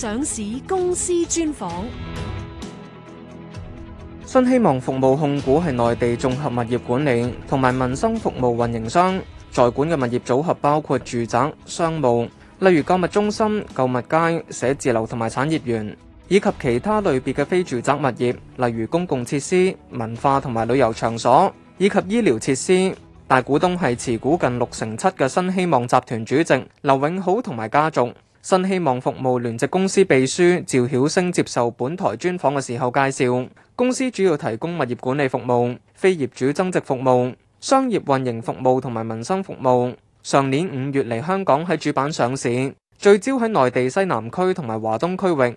上市公司專訪：新希望服務控股係內地綜合物業管理同埋民生服務運營商，在管嘅物業組合包括住宅、商務，例如購物中心、購物街、寫字樓同埋產業園，以及其他類別嘅非住宅物業，例如公共設施、文化同埋旅遊場所，以及醫療設施。大股東係持股近六成七嘅新希望集團主席劉永好同埋家族。新希望服務聯席公司秘書趙曉星接受本台專訪嘅時候介紹，公司主要提供物業管理服務、非業主增值服務、商業運營服務同埋民生服務。上年五月嚟香港喺主板上市，聚焦喺內地西南區同埋華東區域。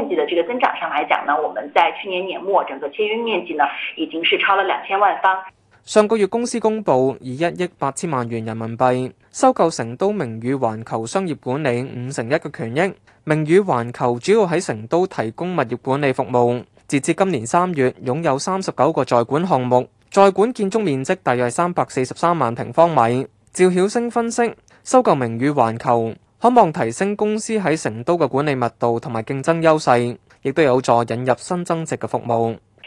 面積的這個增長上來講呢，我們在去年年末整個簽約面積呢已經是超了兩千萬方。上個月公司公布以一億八千萬元人民幣收購成都名宇環球商業管理五成一嘅權益。名宇環球主要喺成都提供物業管理服務，截至今年三月擁有三十九個在管項目，在管建築面積大約三百四十三萬平方米。趙曉星分析，收購名宇環球，渴望提升公司喺成都嘅管理密度同埋競爭優勢，亦都有助引入新增值嘅服務。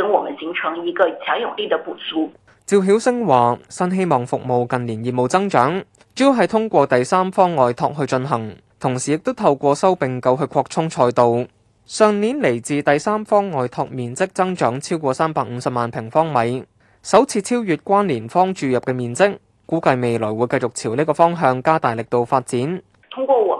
等我們形成一個強有力的補足。趙曉星話：新希望服務近年業務增長，主要係通過第三方外拓去進行，同時亦都透過收併購去擴充賽道。上年嚟自第三方外拓面積增長超過三百五十萬平方米，首次超越關聯方注入嘅面積，估計未來會繼續朝呢個方向加大力度發展。通過我。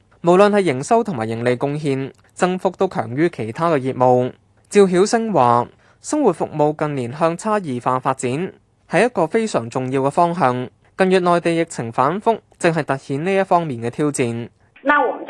無論係營收同埋盈利貢獻，增幅都強於其他嘅業務。趙曉星話：生活服務近年向差異化發展，係一個非常重要嘅方向。近月內地疫情反覆，正係凸顯呢一方面嘅挑戰。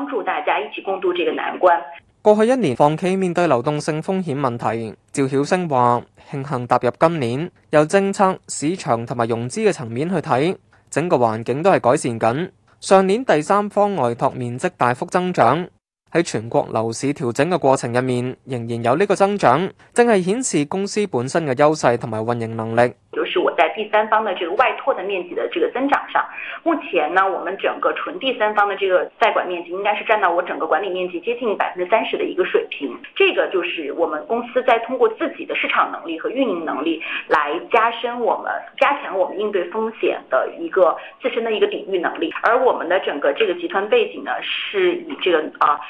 幫助大家一起共度這個難關。過去一年，房企面對流動性風險問題，趙曉星話慶幸踏入今年。由政策、市場同埋融資嘅層面去睇，整個環境都係改善緊。上年第三方外拓面積大幅增長。喺全國樓市調整嘅過程入面，仍然有呢個增長，正係顯示公司本身嘅優勢同埋運營能力。就是我在第三方嘅這個外拓的面積的這個增長上，目前呢，我們整個純第三方的這個代管面積，應該是占到我整個管理面積接近百分之三十的一個水平。這個就是我們公司在通過自己的市場能力和運營能力，來加深我們加強我們應對風險的一個自身的一個抵御能力。而我們的整個這個集團背景呢，是以這個啊。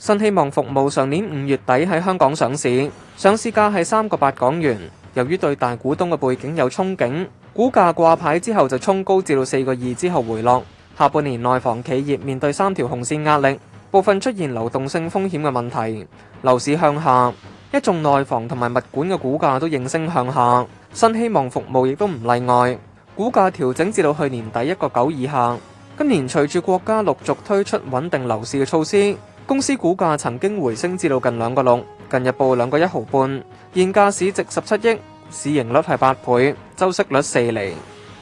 新希望服務上年五月底喺香港上市，上市價係三個八港元。由於對大股東嘅背景有憧憬，股價掛牌之後就沖高至到四個二之後回落。下半年內房企業面對三條紅線壓力，部分出現流動性風險嘅問題，樓市向下，一眾內房同埋物管嘅股價都應聲向下。新希望服務亦都唔例外。股價調整至到去年底一個九以下，今年隨住國家陸續推出穩定樓市嘅措施，公司股價曾經回升至到近兩個六，近日報兩個一毫半，現價市值十七億，市盈率係八倍，周息率四厘。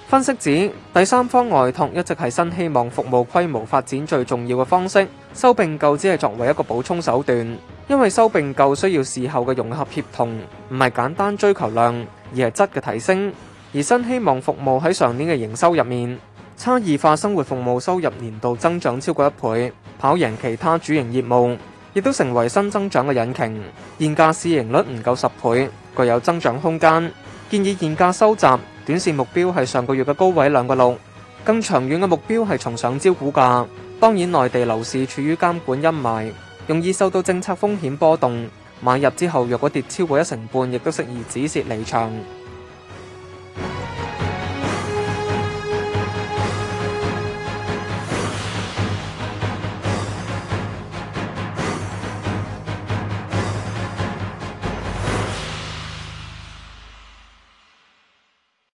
分析指第三方外拓一直係新希望服務規模發展最重要嘅方式，收併購只係作為一個補充手段，因為收併購需要事後嘅融合協同，唔係簡單追求量，而係質嘅提升。而新希望服務喺上年嘅營收入面，差異化生活服務收入年度增長超過一倍，跑贏其他主營業務，亦都成為新增長嘅引擎。現價市盈率唔夠十倍，具有增長空間，建議現價收集。短線目標係上個月嘅高位兩個六，更長遠嘅目標係重上招股價。當然，內地樓市處於監管陰霾，容易受到政策風險波動。買入之後若果跌超過一成半，亦都適宜止蝕離場。